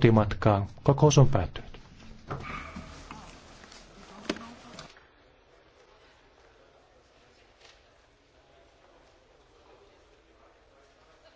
kotimatkaan. Kokous on päättynyt.